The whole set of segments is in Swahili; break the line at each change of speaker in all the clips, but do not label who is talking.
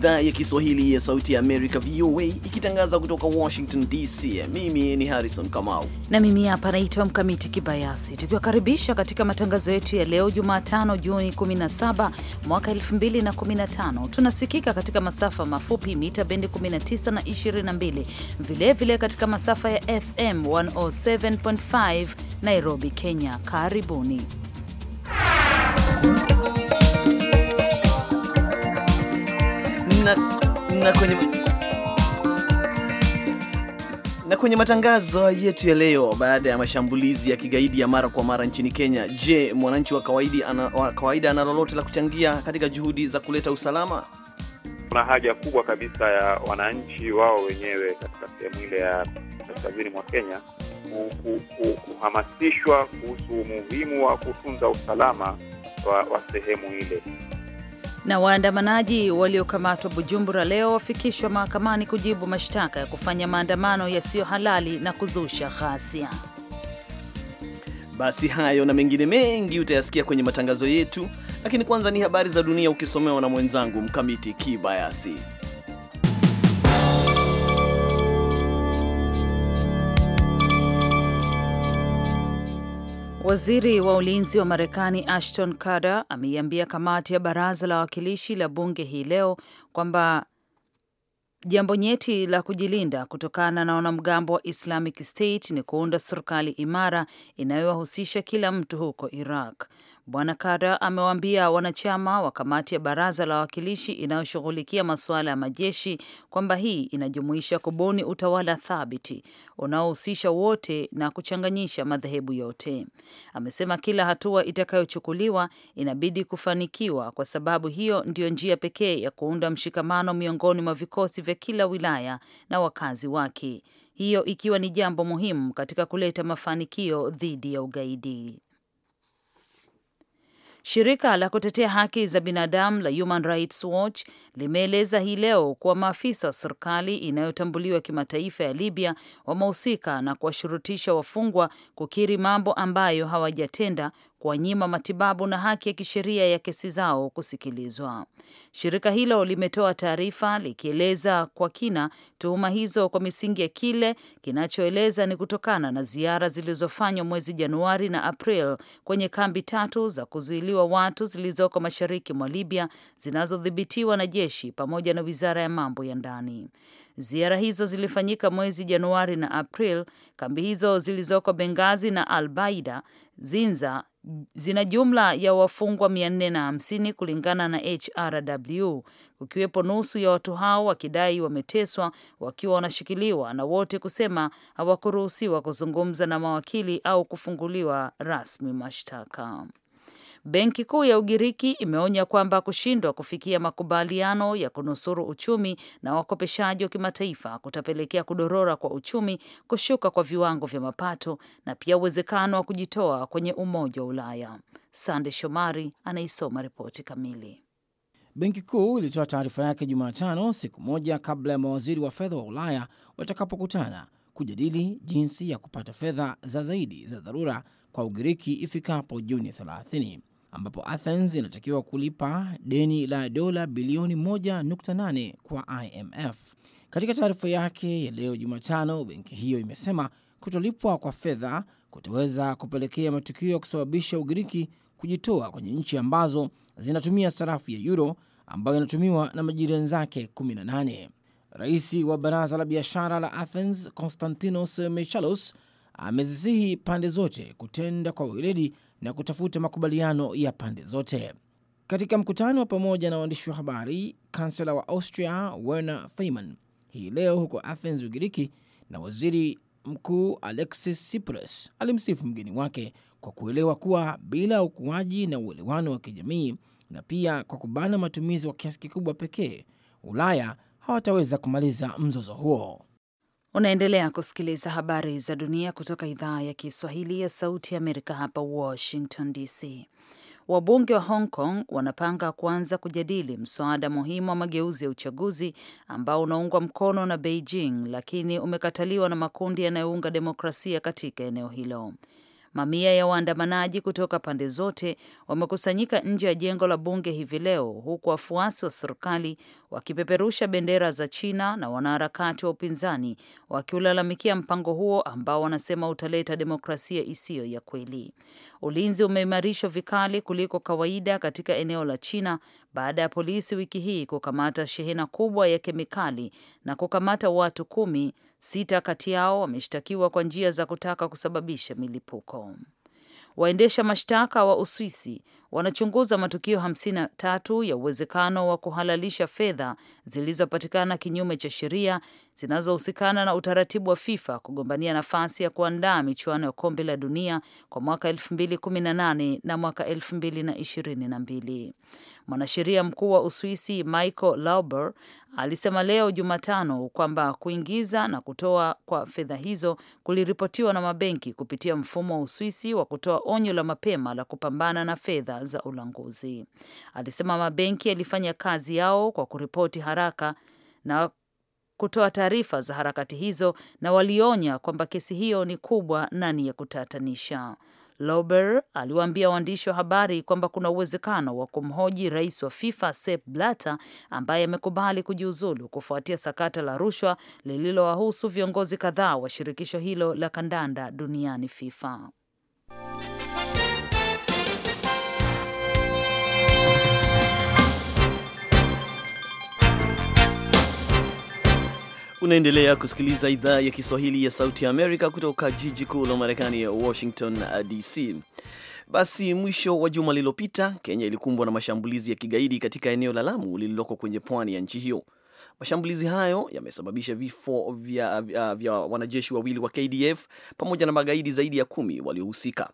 idhaa ya Kiswahili ya Sauti ya Amerika, VOA, ikitangaza kutoka Washington DC. Mimi ni Harrison Kamau
na mimi hapa naitwa Mkamiti Kibayasi, tukiwakaribisha katika matangazo yetu ya leo Jumatano, Juni 17 mwaka 2015. Tunasikika katika masafa mafupi mita bendi 19 na 22, vilevile vile katika masafa ya FM 107.5 Nairobi, Kenya. Karibuni.
na, na kwenye na kwenye matangazo yetu ya leo, baada ya mashambulizi ya kigaidi ya mara kwa mara nchini Kenya, je, mwananchi wa kawaida ana, wa kawaida ana lolote la kuchangia katika juhudi za kuleta usalama?
Kuna haja kubwa kabisa ya wananchi wao wenyewe katika sehemu ile ya kaskazini mwa Kenya kuhamasishwa kuhusu umuhimu wa kutunza usalama wa, wa sehemu ile.
Na waandamanaji waliokamatwa Bujumbura leo wafikishwa mahakamani kujibu mashtaka ya kufanya maandamano yasiyo halali na kuzusha ghasia.
Basi hayo na mengine mengi utayasikia kwenye matangazo yetu, lakini kwanza ni habari za dunia ukisomewa na mwenzangu Mkamiti Kibayasi.
Waziri wa ulinzi wa Marekani Ashton Carter ameiambia kamati ya baraza la wawakilishi la bunge hii leo kwamba jambo nyeti la kujilinda kutokana na wanamgambo wa Islamic State ni kuunda serikali imara inayowahusisha kila mtu huko Iraq. Bwana Kara amewaambia wanachama wa kamati ya baraza la wawakilishi inayoshughulikia masuala ya majeshi kwamba hii inajumuisha kubuni utawala thabiti unaohusisha wote na kuchanganyisha madhehebu yote. Amesema kila hatua itakayochukuliwa inabidi kufanikiwa, kwa sababu hiyo ndiyo njia pekee ya kuunda mshikamano miongoni mwa vikosi vya kila wilaya na wakazi wake, hiyo ikiwa ni jambo muhimu katika kuleta mafanikio dhidi ya ugaidi. Shirika la kutetea haki za binadamu la Human Rights Watch limeeleza hii leo kuwa maafisa wa serikali inayotambuliwa kimataifa ya Libya wamehusika na kuwashurutisha wafungwa kukiri mambo ambayo hawajatenda kuwanyima matibabu na haki ya kisheria ya kesi zao kusikilizwa. Shirika hilo limetoa taarifa likieleza kwa kina tuhuma hizo kwa misingi ya kile kinachoeleza ni kutokana na ziara zilizofanywa mwezi Januari na April kwenye kambi tatu za kuzuiliwa watu zilizoko mashariki mwa Libya zinazodhibitiwa na jeshi pamoja na wizara ya mambo ya ndani. Ziara hizo zilifanyika mwezi Januari na April. Kambi hizo zilizoko Bengazi na Albaida Zinza zina jumla ya wafungwa 450 kulingana na HRW, kukiwepo nusu ya watu hao wakidai wameteswa wakiwa wanashikiliwa na wote kusema hawakuruhusiwa kuzungumza na mawakili au kufunguliwa rasmi mashtaka. Benki Kuu ya Ugiriki imeonya kwamba kushindwa kufikia makubaliano ya kunusuru uchumi na wakopeshaji wa kimataifa kutapelekea kudorora kwa uchumi, kushuka kwa viwango vya mapato na pia uwezekano wa kujitoa kwenye Umoja wa Ulaya.
Sande Shomari anaisoma ripoti kamili. Benki Kuu ilitoa taarifa yake Jumatano, siku moja kabla ya mawaziri wa fedha wa Ulaya watakapokutana kujadili jinsi ya kupata fedha za zaidi za dharura kwa Ugiriki ifikapo Juni ambapo Athens inatakiwa kulipa deni la dola bilioni 1.8 kwa IMF. Katika taarifa yake ya leo Jumatano, benki hiyo imesema kutolipwa kwa fedha kutaweza kupelekea matukio ya kusababisha Ugiriki kujitoa kwenye nchi ambazo zinatumia sarafu ya euro ambayo inatumiwa na majirani zake 18. Rais wa baraza la biashara la Athens Konstantinos michalos amezisihi pande zote kutenda kwa weledi na kutafuta makubaliano ya pande zote. Katika mkutano wa pamoja na waandishi wa habari, kansela wa Austria Werner Faymann hii leo huko Athens, Ugiriki, na waziri mkuu Alexis Tsipras alimsifu mgeni wake kwa kuelewa kuwa bila ukuaji na uelewano wa kijamii na pia kwa kubana matumizi kwa kiasi kikubwa pekee, Ulaya hawataweza kumaliza mzozo huo. Unaendelea kusikiliza
habari za dunia kutoka idhaa ya Kiswahili ya Sauti ya Amerika, hapa Washington DC. Wabunge wa Hong Kong wanapanga kuanza kujadili mswada muhimu wa mageuzi ya uchaguzi ambao unaungwa mkono na Beijing lakini umekataliwa na makundi yanayounga demokrasia katika eneo hilo. Mamia ya waandamanaji kutoka pande zote wamekusanyika nje ya jengo la bunge hivi leo, huku wafuasi wa serikali wakipeperusha bendera za China na wanaharakati wa upinzani wakiulalamikia mpango huo ambao wanasema utaleta demokrasia isiyo ya kweli. Ulinzi umeimarishwa vikali kuliko kawaida katika eneo la China baada ya polisi wiki hii kukamata shehena kubwa ya kemikali na kukamata watu kumi Sita kati yao wameshtakiwa kwa njia za kutaka kusababisha milipuko. Waendesha mashtaka wa Uswisi wanachunguza matukio 53 ya uwezekano wa kuhalalisha fedha zilizopatikana kinyume cha sheria zinazohusikana na utaratibu wa FIFA kugombania nafasi ya kuandaa michuano ya kombe la dunia kwa mwaka 2018 na mwaka 2022. Mwanasheria mkuu wa Uswisi Michael Lauber alisema leo Jumatano kwamba kuingiza na kutoa kwa fedha hizo kuliripotiwa na mabenki kupitia mfumo wa Uswisi wa kutoa onyo la mapema la kupambana na fedha za ulanguzi. Alisema mabenki yalifanya kazi yao kwa kuripoti haraka na kutoa taarifa za harakati hizo na walionya kwamba kesi hiyo ni kubwa na ni ya kutatanisha. Lober aliwaambia waandishi wa habari kwamba kuna uwezekano wa kumhoji rais wa FIFA Sepp Blatter ambaye amekubali kujiuzulu kufuatia sakata la rushwa lililowahusu viongozi kadhaa wa shirikisho hilo la kandanda duniani FIFA.
Unaendelea kusikiliza idhaa ya Kiswahili ya Sauti ya Amerika kutoka jiji kuu la Marekani ya Washington uh, DC. Basi mwisho wa juma lililopita, Kenya ilikumbwa na mashambulizi ya kigaidi katika eneo la Lamu lililoko kwenye pwani ya nchi hiyo. Mashambulizi hayo yamesababisha vifo vya, vya, vya wanajeshi wawili wa KDF pamoja na magaidi zaidi ya kumi waliohusika.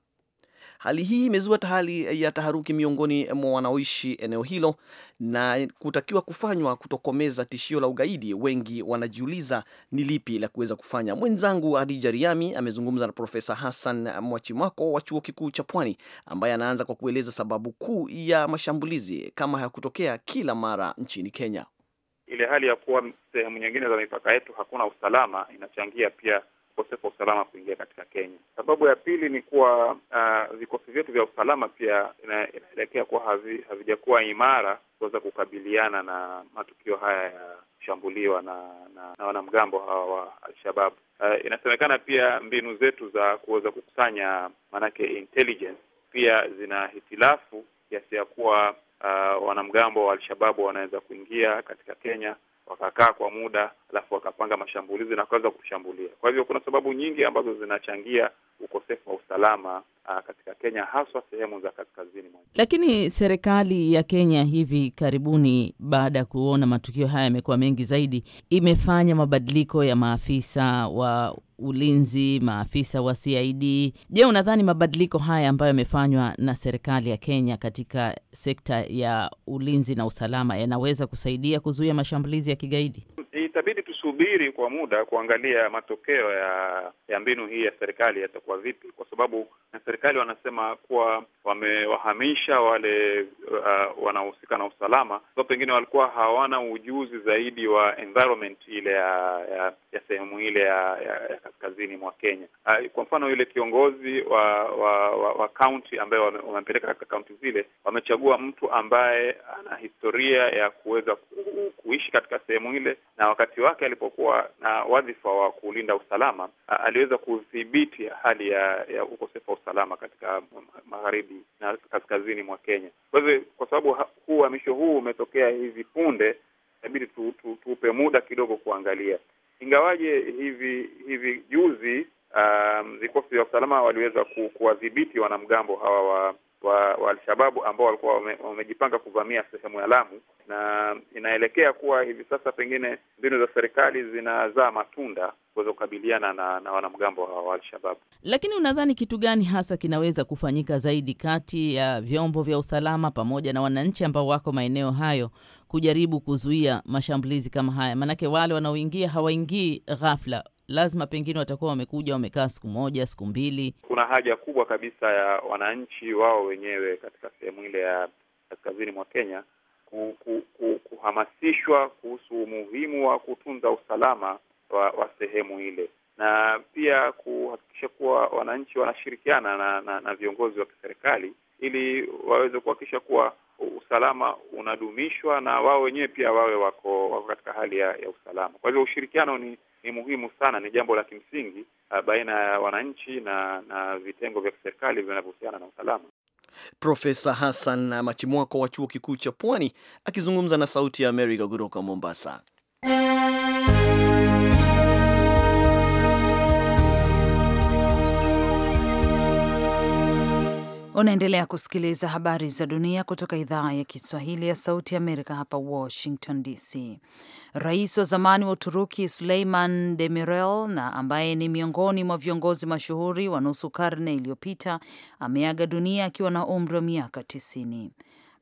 Hali hii imezua hali ya taharuki miongoni mwa wanaoishi eneo hilo na kutakiwa kufanywa kutokomeza tishio la ugaidi. Wengi wanajiuliza ni lipi la kuweza kufanya. Mwenzangu Adija Riami amezungumza na Profesa Hassan Mwachimwako wa Chuo Kikuu cha Pwani, ambaye anaanza kwa kueleza sababu kuu ya mashambulizi kama hayakutokea kila mara nchini Kenya.
Ile hali ya kuwa sehemu nyingine za mipaka yetu hakuna usalama inachangia pia ukosefu wa usalama kuingia katika Kenya. Sababu ya pili ni kuwa uh, vikosi vyetu vya usalama pia inaelekea kuwa havi, havijakuwa imara kuweza kukabiliana na matukio haya ya kushambuliwa na, na, na wanamgambo hawa wa Alshabab. Uh, inasemekana pia mbinu zetu za kuweza kukusanya maanake intelligence pia zina hitilafu kiasi ya kuwa uh, wanamgambo wa Alshababu wanaweza kuingia katika Kenya wakakaa kwa muda, alafu wakapanga mashambulizi na kuanza kushambulia. Kwa hivyo kuna sababu nyingi ambazo zinachangia ukosefu wa usalama aa, ah, katika Kenya haswa sehemu za kaskazini mwa.
Lakini serikali ya Kenya hivi karibuni, baada ya kuona matukio haya yamekuwa mengi zaidi, imefanya mabadiliko ya maafisa wa ulinzi, maafisa wa CID. Je, unadhani mabadiliko haya ambayo yamefanywa na serikali ya Kenya katika sekta ya ulinzi na usalama yanaweza kusaidia kuzuia mashambulizi ya kigaidi?
itabidi tusubiri kwa muda kuangalia matokeo ya ya mbinu hii ya serikali yatakuwa vipi, kwa sababu na serikali wanasema kuwa wamewahamisha wale uh, wanaohusika na usalama, so pengine walikuwa hawana ujuzi zaidi wa environment ile ya ya, ya sehemu ile ya, ya, ya kaskazini mwa Kenya. Uh, kwa mfano yule kiongozi wa wa, wa, wa kaunti ambaye wamepeleka katika kaunti zile, wamechagua mtu ambaye ana historia ya kuweza ku, kuishi katika sehemu ile na wakati wakati wake alipokuwa na wadhifa wa kulinda usalama aliweza kudhibiti hali ya, ya ukosefu wa usalama katika magharibi na kaskazini mwa Kenya. Kwa hivyo, kwa sababu huu uhamisho huu umetokea hivi punde, inabidi tu, tu, tuupe muda kidogo kuangalia, ingawaje hivi hivi juzi um, vikosi vya usalama waliweza ku, kuwadhibiti wanamgambo hawa wa wa, wa Alshababu ambao walikuwa wamejipanga kuvamia sehemu ya Lamu, na inaelekea kuwa hivi sasa pengine mbinu za serikali zinazaa matunda kuweza kukabiliana na, na wanamgambo wa Alshababu.
Lakini unadhani kitu gani hasa kinaweza kufanyika zaidi kati ya vyombo vya usalama pamoja na wananchi ambao wako maeneo hayo kujaribu kuzuia mashambulizi kama haya? Maanake wale wanaoingia hawaingii ghafla, lazima pengine watakuwa wamekuja wamekaa siku moja siku mbili.
Kuna haja kubwa kabisa ya wananchi wao wenyewe katika sehemu ile ya kaskazini mwa Kenya kuhamasishwa kuhusu umuhimu wa kutunza usalama wa, wa sehemu ile na pia kuhakikisha kuwa wananchi wanashirikiana na, na, na viongozi wa kiserikali ili waweze kuhakikisha kuwa usalama unadumishwa na wao wenyewe pia wawe wako, wako katika hali ya, ya usalama. Kwa hivyo ushirikiano ni ni muhimu sana, ni jambo la kimsingi eh, baina ya wananchi na na vitengo vya kiserikali vinavyohusiana na usalama.
Profesa Hassan Machimwako wa Chuo Kikuu cha Pwani akizungumza na Sauti ya Amerika kutoka Mombasa.
Unaendelea kusikiliza habari za dunia kutoka idhaa ya Kiswahili ya Sauti ya Amerika hapa Washington DC. Rais wa zamani wa Uturuki Suleiman Demirel na ambaye ni miongoni mwa viongozi mashuhuri wa nusu karne iliyopita ameaga dunia akiwa na umri wa miaka tisini.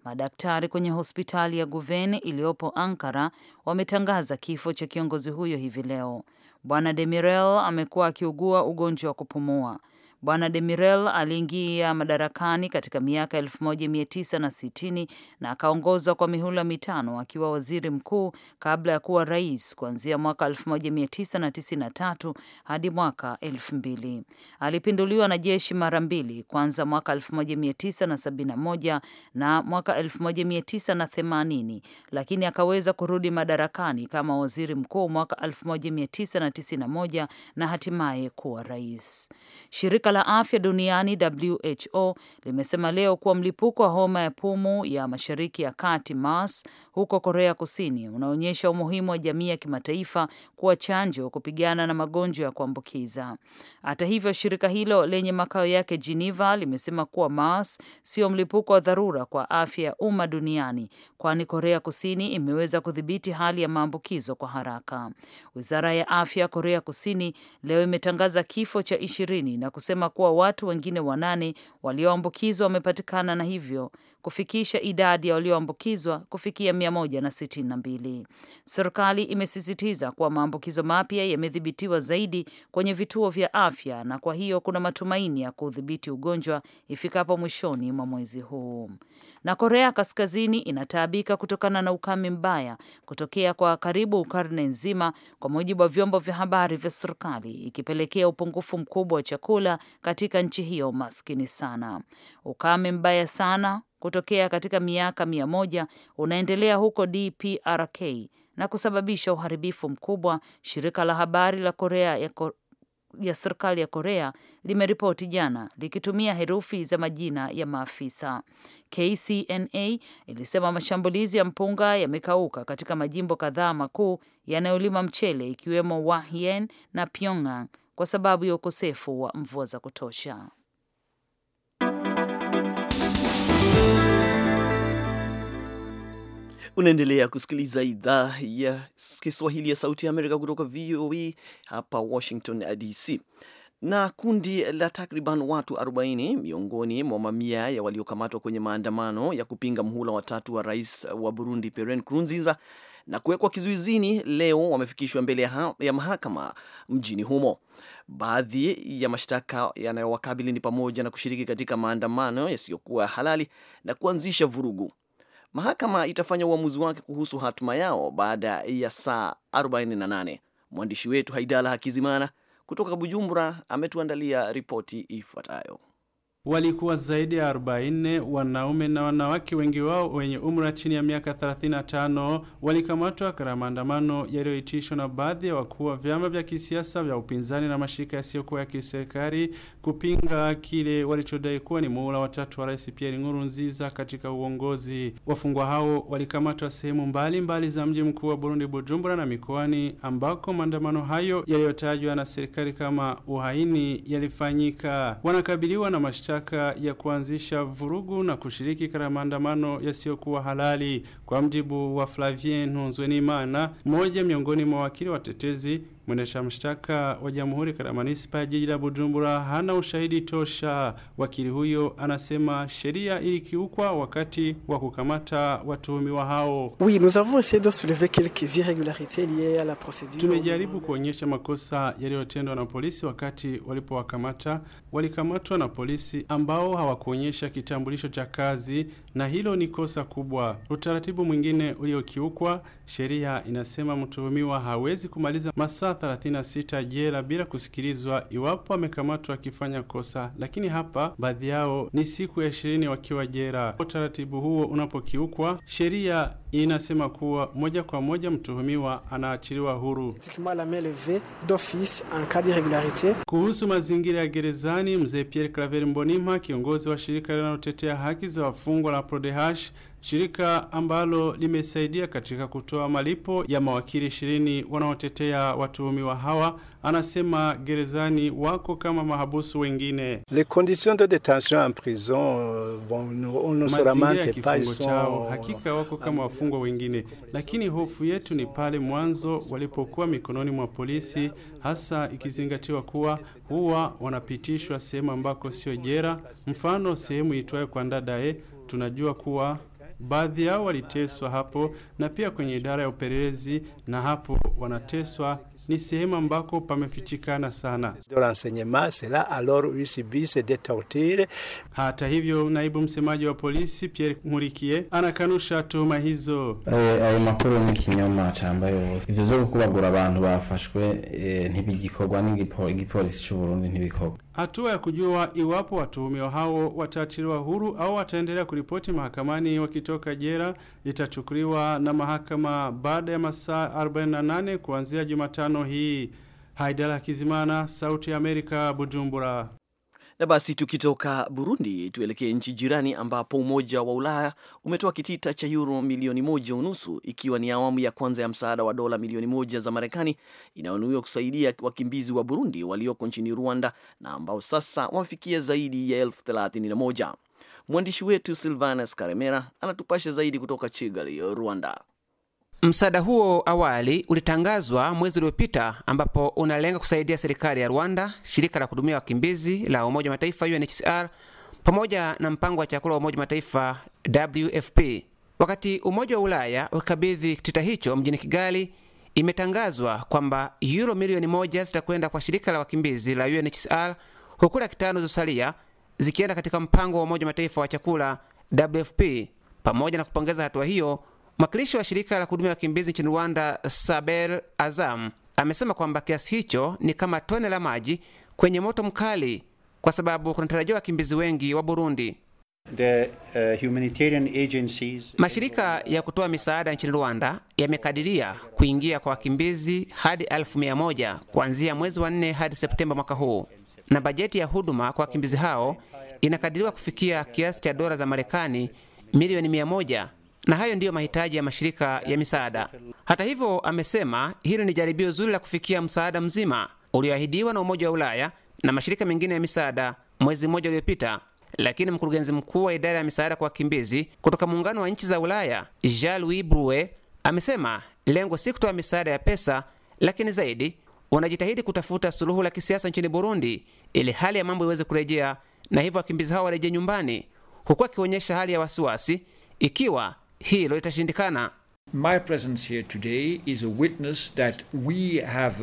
Madaktari kwenye hospitali ya Guven iliyopo Ankara wametangaza kifo cha kiongozi huyo hivi leo. Bwana Demirel amekuwa akiugua ugonjwa wa kupumua. Bwana Demirel aliingia madarakani katika miaka 1960 na akaongozwa kwa mihula mitano akiwa waziri mkuu kabla ya kuwa rais kuanzia mwaka 1993 hadi mwaka 2000. Alipinduliwa na jeshi mara mbili, kwanza mwaka 1971 na mwaka 1980, lakini akaweza kurudi madarakani kama waziri mkuu mwaka 1991 na hatimaye kuwa rais. Shirika la afya duniani WHO limesema leo kuwa mlipuko wa homa ya pumu ya mashariki ya kati MERS huko Korea Kusini unaonyesha umuhimu wa jamii ya kimataifa kuwa chanjo kupigana na magonjwa ya kuambukiza. Hata hivyo, shirika hilo lenye makao yake Geneva limesema kuwa MERS sio mlipuko wa dharura kwa afya ya umma duniani, kwani Korea Kusini imeweza kudhibiti hali ya maambukizo kwa haraka. Wizara ya afya Korea Kusini leo imetangaza kifo cha ishirini na kusema kuwa watu wengine wanane walioambukizwa wamepatikana na hivyo kufikisha idadi ya walioambukizwa kufikia 162. Serikali imesisitiza kuwa maambukizo mapya yamedhibitiwa zaidi kwenye vituo vya afya na kwa hiyo kuna matumaini ya kudhibiti ugonjwa ifikapo mwishoni mwa mwezi huu. Na Korea Kaskazini inataabika kutokana na ukame mbaya kutokea kwa karibu karne nzima, kwa mujibu wa vyombo vya habari vya serikali, ikipelekea upungufu mkubwa wa chakula katika nchi hiyo maskini sana. Ukame mbaya sana kutokea katika miaka mia moja unaendelea huko DPRK na kusababisha uharibifu mkubwa, shirika la habari la Korea ya ko ya serikali ya Korea limeripoti jana likitumia herufi za majina ya maafisa. KCNA ilisema mashambulizi ya mpunga yamekauka katika majimbo kadhaa makuu yanayolima mchele ikiwemo Wahien na Pyongan kwa sababu ya ukosefu wa mvua za kutosha.
Unaendelea kusikiliza idhaa ya Kiswahili ya Sauti ya Amerika kutoka VOA e hapa Washington DC. Na kundi la takriban watu 40 miongoni mwa mamia ya waliokamatwa kwenye maandamano ya kupinga mhula watatu wa rais wa Burundi Pierre Nkurunziza na kuwekwa kizuizini leo wamefikishwa mbele ya mahakama mjini humo. Baadhi ya mashtaka yanayowakabili ni pamoja na kushiriki katika maandamano yasiyokuwa halali na kuanzisha vurugu. Mahakama itafanya uamuzi wake kuhusu hatima yao baada ya saa 48. Mwandishi wetu Haidala Hakizimana kutoka Bujumbura ametuandalia ripoti ifuatayo
walikuwa zaidi ya 40 wanaume na wanawake, wengi wao wenye umri chini ya miaka 35, walikamatwa katika maandamano yaliyoitishwa na baadhi ya wakuu wa vyama vya kisiasa vya upinzani na mashirika yasiyokuwa ya kiserikali kupinga kile walichodai kuwa ni muhula watatu wa Rais Pierre Nkurunziza katika uongozi. Wafungwa hao walikamatwa sehemu mbalimbali za mji mkuu wa Burundi, Bujumbura, na mikoani ambako maandamano hayo yaliyotajwa na serikali kama uhaini yalifanyika. Wanakabiliwa na mashtaka mashtaka ya kuanzisha vurugu na kushiriki katika maandamano yasiyokuwa halali. Kwa mjibu wa Flavien Ntunzwenimana, mmoja miongoni mwa wakili watetezi Mwendesha mshtaka wa Jamhuri katika manispa ya Jiji la Bujumbura hana ushahidi tosha. Wakili huyo anasema sheria ilikiukwa wakati wa kukamata watuhumiwa hao. Oui, nous avons essayé de soulever quelques liées à la Tumejaribu kuonyesha makosa yaliyotendwa na polisi wakati walipowakamata. Walikamatwa na polisi ambao hawakuonyesha kitambulisho cha kazi na hilo ni kosa kubwa. Utaratibu mwingine uliokiukwa Sheria inasema mtuhumiwa hawezi kumaliza masaa 36 jela bila kusikilizwa iwapo amekamatwa akifanya kosa, lakini hapa baadhi yao ni siku ya ishirini wakiwa jela. Utaratibu huo unapokiukwa, sheria inasema kuwa moja kwa moja mtuhumiwa anaachiliwa huru. Kuhusu mazingira ya gerezani, mzee Pierre Claver mbonima kiongozi wa shirika linalotetea haki za wafungwa la Prodehash shirika ambalo limesaidia katika kutoa malipo ya mawakili ishirini wanaotetea watuhumiwa hawa, anasema gerezani wako kama mahabusu wengine. Les conditions de detention en prison bon on ne mazingira ya kifungo chao hakika wako kama wafungwa wengine, lakini hofu yetu ni pale mwanzo walipokuwa mikononi mwa polisi, hasa ikizingatiwa kuwa huwa wanapitishwa sehemu ambako sio jera, mfano sehemu itwayo kwa Ndadaye. Tunajua kuwa Baadhi yao waliteswa hapo na pia kwenye idara ya upelelezi, na hapo wanateswa ni sehemu ambako pamefichikana sana. Hata hivyo, naibu msemaji wa polisi Pierre murikie anakanusha tuhuma hizo. ayo makuru ni kinyoma cha
ambayo ivyo zo kubagura abantu bafashwe e, ntibigikorwa n'igipolisi cy'u Burundi
ntibikorwa
Hatua ya kujua iwapo watuhumiwa hao wataachiliwa huru au wataendelea kuripoti mahakamani wakitoka jela itachukuliwa na mahakama baada ya masaa 48 kuanzia Jumatano tano hii. Haidala Kizimana, Sauti ya Amerika, Bujumbura.
Na basi tukitoka Burundi tuelekee nchi jirani ambapo Umoja wa Ulaya umetoa kitita cha euro milioni moja unusu ikiwa ni awamu ya kwanza ya msaada wa dola milioni moja za Marekani inayonuiwa kusaidia wakimbizi wa Burundi walioko nchini Rwanda na ambao sasa wamefikia zaidi ya elfu thelathini na moja. Mwandishi wetu Silvanus Karemera anatupasha zaidi kutoka Kigali, Rwanda. Msaada huo
awali ulitangazwa mwezi uliopita, ambapo unalenga kusaidia serikali ya Rwanda, shirika la kuhudumia wakimbizi la Umoja wa Mataifa UNHCR pamoja na mpango wa chakula wa Umoja wa Mataifa WFP. Wakati Umoja wa Ulaya ukabidhi kitita hicho mjini Kigali, imetangazwa kwamba euro milioni moja zitakwenda kwa shirika la wakimbizi la UNHCR huku laki tano zosalia zikienda katika mpango wa Umoja wa Mataifa wa chakula WFP. Pamoja na kupongeza hatua hiyo Mwakilishi wa shirika la kuhudumia wakimbizi nchini Rwanda, Sabel Azam, amesema kwamba kiasi hicho ni kama tone la maji kwenye moto mkali, kwa sababu kunatarajia wakimbizi wengi wa Burundi.
The, uh, humanitarian agencies...
mashirika ya kutoa misaada nchini Rwanda yamekadiria kuingia kwa wakimbizi hadi elfu mia moja kuanzia mwezi wa nne hadi Septemba mwaka huu, na bajeti ya huduma kwa wakimbizi hao inakadiriwa kufikia kiasi cha dola za Marekani milioni mia moja na hayo ndiyo mahitaji ya mashirika ya misaada. Hata hivyo, amesema hili ni jaribio zuri la kufikia msaada mzima ulioahidiwa na Umoja wa Ulaya na mashirika mengine ya misaada mwezi mmoja uliopita. Lakini mkurugenzi mkuu wa idara ya misaada kwa wakimbizi kutoka muungano wa nchi za Ulaya Jean-Louis Brue amesema lengo si kutoa misaada ya pesa, lakini zaidi wanajitahidi kutafuta suluhu la kisiasa nchini Burundi ili hali ya mambo iweze kurejea na hivyo wakimbizi hao warejee nyumbani, huku akionyesha hali ya wasiwasi ikiwa hilo litashindikana. My presence here today is a witness that we have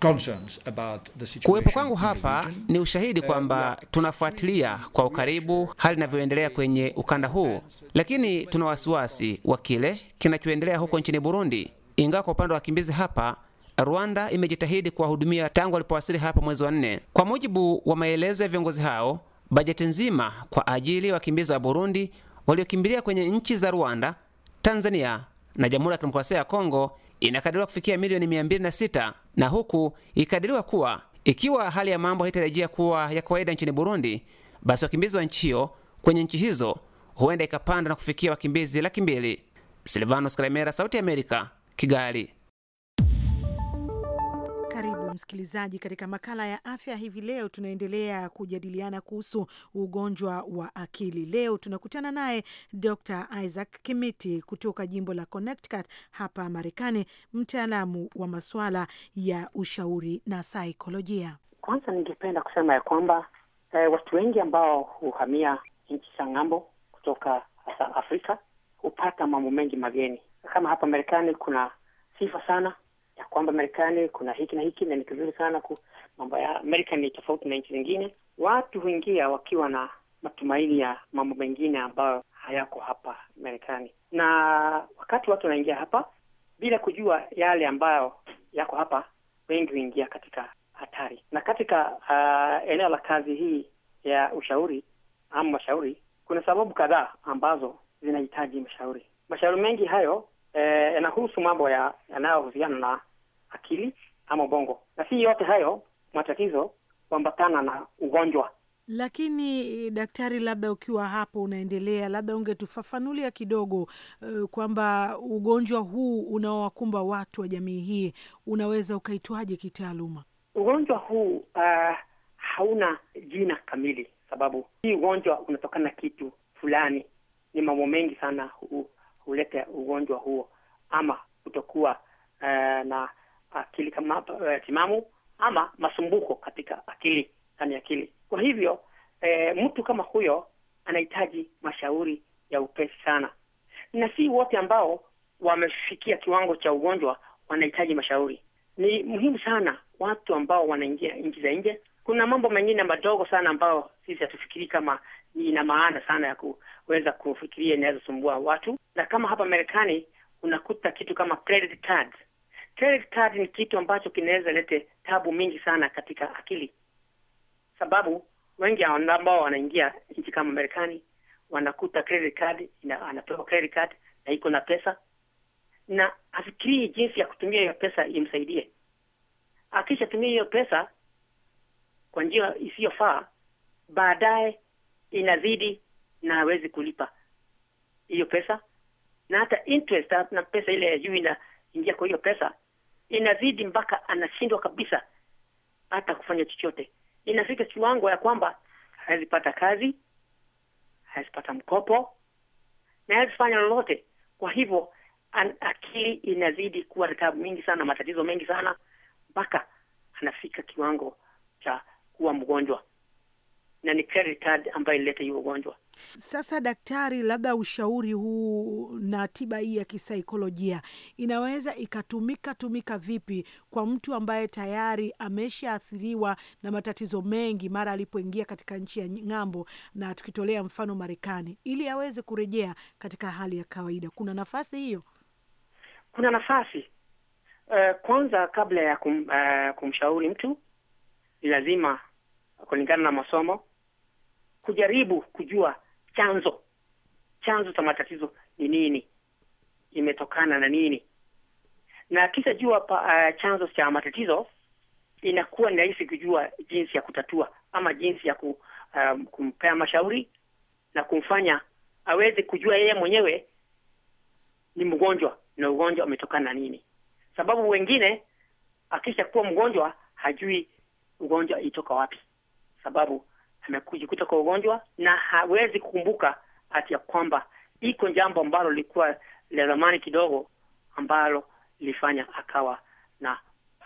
concerns about the situation. Kuwepo kwangu hapa ni ushahidi kwamba uh, tunafuatilia kwa ukaribu hali inavyoendelea kwenye ukanda huu, lakini tuna wasiwasi wa kile kinachoendelea huko nchini Burundi. Ingawa kwa upande wa wakimbizi hapa Rwanda imejitahidi kuwahudumia tangu walipowasili hapa mwezi wa nne. Kwa mujibu wa maelezo ya viongozi hao, bajeti nzima kwa ajili ya wakimbizi wa Burundi waliokimbilia kwenye nchi za Rwanda, Tanzania na Jamhuri ya Kidemokrasia ya Kongo inakadiriwa kufikia milioni 206 na huku ikadiriwa kuwa ikiwa hali ya mambo haitarejea kuwa ya kawaida nchini Burundi, basi wakimbizi wa nchi hiyo kwenye nchi hizo huenda ikapanda na kufikia wakimbizi laki mbili. Silvanos Kalemera, Sauti ya Amerika, Kigali.
Msikilizaji, katika makala ya afya hivi leo tunaendelea kujadiliana kuhusu ugonjwa wa akili. Leo tunakutana naye Dr. Isaac Kimiti kutoka jimbo la Connecticut hapa Marekani, mtaalamu wa masuala ya ushauri na saikolojia.
Kwanza ningependa kusema ya kwamba eh, watu wengi ambao huhamia nchi za ng'ambo kutoka hasa Afrika hupata mambo mengi mageni. Kama hapa Marekani kuna sifa sana kwamba Marekani kuna hiki na hiki na ni kizuri sana ku, mambo ya Amerika ni tofauti na nchi zingine. Watu huingia wakiwa na matumaini ya mambo mengine ambayo hayako hapa Marekani, na wakati watu wanaingia hapa bila kujua yale ambayo yako hapa, wengi huingia katika hatari. Na katika uh, eneo la kazi hii ya ushauri ama mashauri, kuna sababu kadhaa ambazo zinahitaji mashauri. Mashauri mengi hayo eh, yanahusu eh, mambo ya yanayohusiana na akili ama ubongo, na si yote hayo matatizo kuambatana na ugonjwa.
Lakini eh, daktari, labda ukiwa hapo unaendelea, labda ungetufafanulia kidogo uh, kwamba ugonjwa huu unaowakumba watu wa jamii hii unaweza ukaitwaje kitaaluma?
Ugonjwa huu uh, hauna jina kamili, sababu hii ugonjwa unatokana na kitu fulani. Ni mambo mengi sana huleta ugonjwa huo, ama kutokuwa uh, na Ah, akili kama uh, timamu ama masumbuko katika akili ndani ya akili. Kwa hivyo e, mtu kama huyo anahitaji mashauri ya upesi sana, na si wote ambao wamefikia kiwango cha ugonjwa wanahitaji mashauri. Ni muhimu sana watu ambao wanaingia nchi za nje. Kuna mambo mengine madogo sana ambayo sisi hatufikiri kama ina maana sana ya kuweza kufikiria inaweza sumbua watu, na kama hapa Marekani unakuta kitu kama credit credit card ni kitu ambacho kinaweza lete tabu mingi sana katika akili, sababu wengi ambao wanaingia nchi kama Marekani wanakuta credit card ina, anapewa credit card na iko na pesa na afikiri jinsi ya kutumia hiyo pesa imsaidie. Akishatumia hiyo pesa kwa njia isiyofaa, baadaye inazidi na hawezi kulipa hiyo pesa, na hata interest na pesa ile ya juu ina ingia kwa hiyo pesa, inazidi mpaka anashindwa kabisa hata kufanya chochote. Inafika kiwango ya kwamba hawezipata kazi, hawezipata mkopo na hawezifanya lolote. Kwa hivyo an, akili inazidi kuwa na taabu mingi sana, matatizo mengi sana, mpaka anafika kiwango cha kuwa mgonjwa, na ni credit card ambayo ilileta hiyo ugonjwa.
Sasa daktari, labda ushauri huu na tiba hii ya kisaikolojia inaweza ikatumika tumika vipi kwa mtu ambaye tayari ameshaathiriwa na matatizo mengi mara alipoingia katika nchi ya ng'ambo, na tukitolea mfano Marekani, ili aweze kurejea katika hali ya kawaida? Kuna nafasi hiyo? Kuna nafasi.
Uh, kwanza kabla ya kum, uh, kumshauri mtu ni lazima kulingana na masomo kujaribu kujua chanzo chanzo cha matatizo ni nini, imetokana na nini, na kisha jua pa, uh, chanzo cha matatizo, inakuwa ni rahisi kujua jinsi ya kutatua ama jinsi ya ku, um, kumpea mashauri na kumfanya aweze kujua yeye mwenyewe ni mgonjwa na ugonjwa umetokana na nini, sababu wengine akisha kuwa mgonjwa hajui ugonjwa itoka wapi, sababu amekujikuta kwa ugonjwa na hawezi kukumbuka hati ya kwamba iko jambo ambalo lilikuwa la zamani kidogo ambalo lilifanya akawa na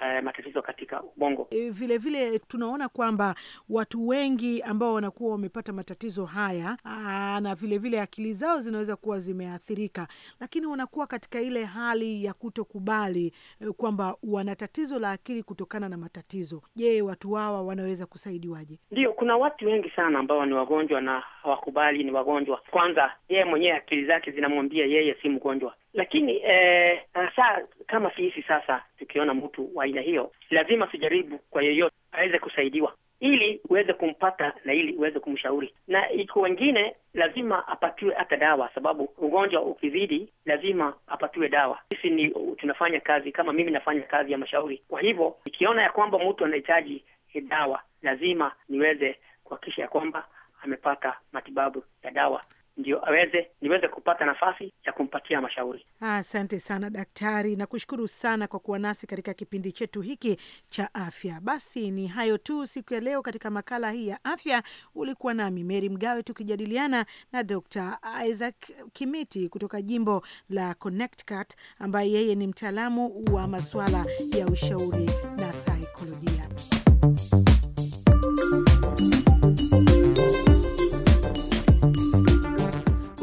eh, matatizo katika ubongo.
E, vile vile tunaona kwamba watu wengi ambao wanakuwa wamepata matatizo haya aa, ah, na vile vile akili zao zinaweza kuwa zimeathirika, lakini wanakuwa katika ile hali ya kutokubali eh, kwamba wana tatizo la akili kutokana na matatizo. Je, watu hawa wanaweza kusaidiwaje?
Ndio, kuna watu wengi sana ambao ni wagonjwa na hawakubali ni wagonjwa. Kwanza yeye mwenyewe akili zake zinamwambia yeye si mgonjwa lakini eh, saa kama sisi sasa tukiona mtu wa aina hiyo, lazima tujaribu kwa yeyote aweze kusaidiwa ili uweze kumpata na ili uweze kumshauri, na iko wengine lazima apatiwe hata dawa, sababu ugonjwa ukizidi lazima apatiwe dawa. Sisi ni tunafanya kazi kama mimi nafanya kazi ya mashauri, kwa hivyo ikiona ya kwamba mtu anahitaji dawa lazima niweze kuhakikisha ya kwamba amepata matibabu ya dawa ndio aweze niweze kupata nafasi ya kumpatia mashauri.
Asante sana daktari, nakushukuru sana kwa kuwa nasi katika kipindi chetu hiki cha afya. Basi ni hayo tu siku ya leo katika makala hii ya afya. Ulikuwa nami Meri Mgawe tukijadiliana na Dr. Isaac Kimiti kutoka jimbo la Connecticut ambaye yeye ni mtaalamu wa masuala ya ushauri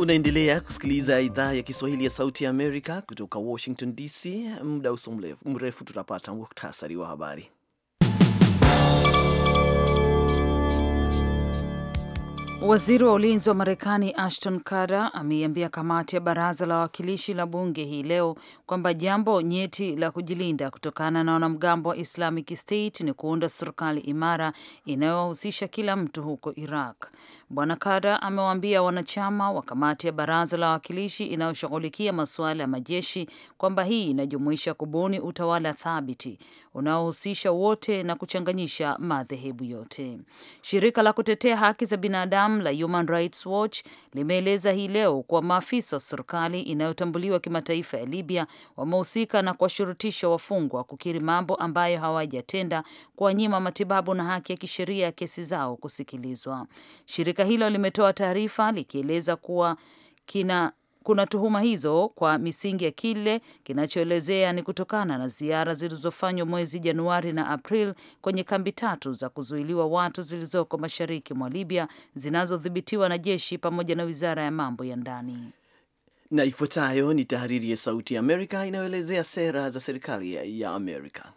Unaendelea kusikiliza idhaa ya Kiswahili ya Sauti ya Amerika kutoka Washington DC. Muda uso mrefu tutapata muktasari wa habari.
Waziri wa ulinzi wa Marekani Ashton Carter ameiambia kamati ya baraza la wawakilishi la bunge hii leo kwamba jambo nyeti la kujilinda kutokana na wanamgambo wa Islamic State ni kuunda serikali imara inayowahusisha kila mtu huko Iraq. Bwana Kada amewaambia wanachama wa kamati ya baraza la wawakilishi inayoshughulikia masuala ya majeshi kwamba hii inajumuisha kubuni utawala thabiti unaohusisha wote na kuchanganyisha madhehebu yote. Shirika la kutetea haki za binadamu la Human Rights Watch limeeleza hii leo kuwa maafisa wa serikali inayotambuliwa kimataifa ya Libya wamehusika na kuwashurutisha wafungwa kukiri mambo ambayo hawajatenda, kuwanyima matibabu na haki ya kisheria ya kesi zao kusikilizwa. Shirika Shirika hilo limetoa taarifa likieleza kuwa kina kuna tuhuma hizo kwa misingi ya kile kinachoelezea ni kutokana na ziara zilizofanywa mwezi Januari na April kwenye kambi tatu za kuzuiliwa watu zilizoko mashariki mwa Libya zinazodhibitiwa na jeshi pamoja na wizara ya mambo ya ndani.
Na ifuatayo ni tahariri ya Sauti ya Amerika inayoelezea sera za serikali ya Amerika.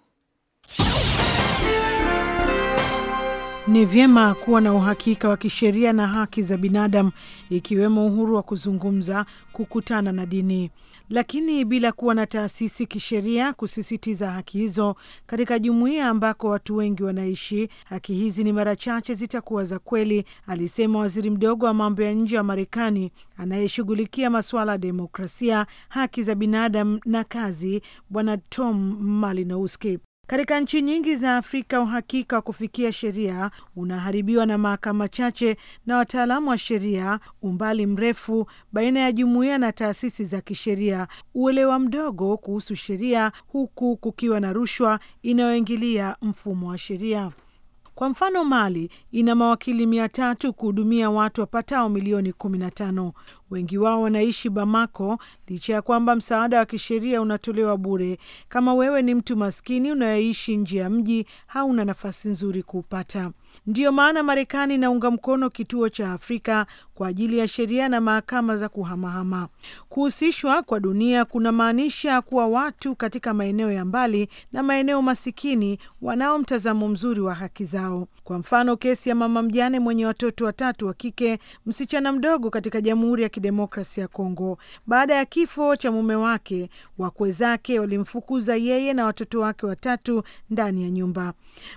Ni vyema kuwa na uhakika wa kisheria na haki za binadamu ikiwemo uhuru wa kuzungumza, kukutana na dini, lakini bila kuwa na taasisi kisheria kusisitiza haki hizo katika jumuiya ambako watu wengi wanaishi, haki hizi ni mara chache zitakuwa za kweli, alisema waziri mdogo wa mambo ya nje wa Marekani anayeshughulikia masuala ya demokrasia, haki za binadamu na kazi, Bwana Tom Malinowski. Katika nchi nyingi za Afrika uhakika wa kufikia sheria unaharibiwa na mahakama chache na wataalamu wa sheria, umbali mrefu baina ya jumuiya na taasisi za kisheria, uelewa mdogo kuhusu sheria, huku kukiwa na rushwa inayoingilia mfumo wa sheria. Kwa mfano, Mali ina mawakili mia tatu kuhudumia watu wapatao milioni kumi na tano. Wengi wao wanaishi Bamako licha ya kwamba msaada wa kisheria unatolewa bure. Kama wewe ni mtu maskini unayeishi nje ya mji, hauna nafasi nzuri kuupata. Ndiyo maana Marekani inaunga mkono kituo cha Afrika kwa ajili ya sheria na mahakama za kuhamahama. Kuhusishwa kwa dunia kunamaanisha kuwa watu katika maeneo ya mbali na maeneo masikini wanao mtazamo mzuri wa haki zao. Kwa mfano, kesi ya mama mjane mwenye watoto watatu wa kike, msichana mdogo katika Jamhuri ya Kidemokrasi ya Kongo baada ya kifo cha mume wake. Wakwe zake walimfukuza yeye na watoto wake watatu ndani ya nyumba.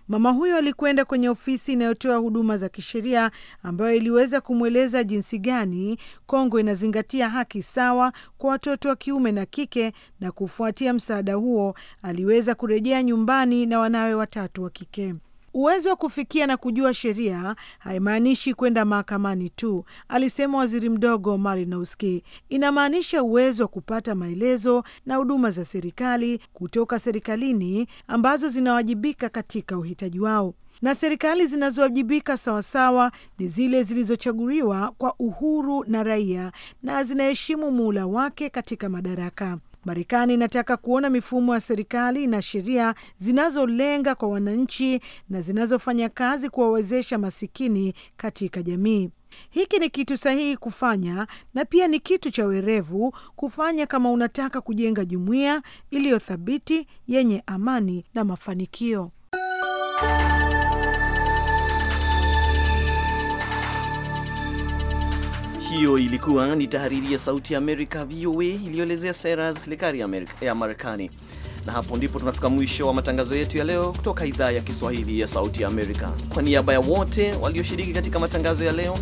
Mama huyo alikwenda kwenye ofisi inayotoa huduma za kisheria ambayo iliweza kumweleza jinsi gani Kongo inazingatia haki sawa kwa watoto wa kiume na kike, na kufuatia msaada huo aliweza kurejea nyumbani na wanawe watatu wa kike. Uwezo wa kufikia na kujua sheria haimaanishi kwenda mahakamani tu, alisema waziri mdogo Malinowski. Inamaanisha uwezo wa kupata maelezo na huduma za serikali kutoka serikalini ambazo zinawajibika katika uhitaji wao na serikali zinazowajibika sawasawa ni zile zilizochaguliwa kwa uhuru na raia na zinaheshimu muhula wake katika madaraka. Marekani inataka kuona mifumo ya serikali na sheria zinazolenga kwa wananchi na zinazofanya kazi kuwawezesha masikini katika jamii. Hiki ni kitu sahihi kufanya na pia ni kitu cha werevu kufanya kama unataka kujenga jumuiya iliyo thabiti yenye amani na mafanikio.
Hiyo ilikuwa ni tahariri ya Sauti ya Amerika, VOA, iliyoelezea sera ya serikali ya Marekani. Na hapo ndipo tunafika mwisho wa matangazo yetu ya leo kutoka idhaa ya Kiswahili ya Sauti ya Amerika. Kwa niaba ya wote walioshiriki katika matangazo ya leo,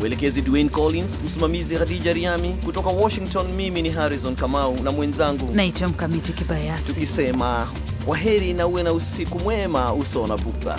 mwelekezi Dwayne Collins, msimamizi hadija Riami, kutoka Washington, mimi ni Harrison Kamau na mwenzangu naitwa
Mkamiti Kibayasi,
tukisema kwaheri na uwe na usiku mwema, uso na bukta.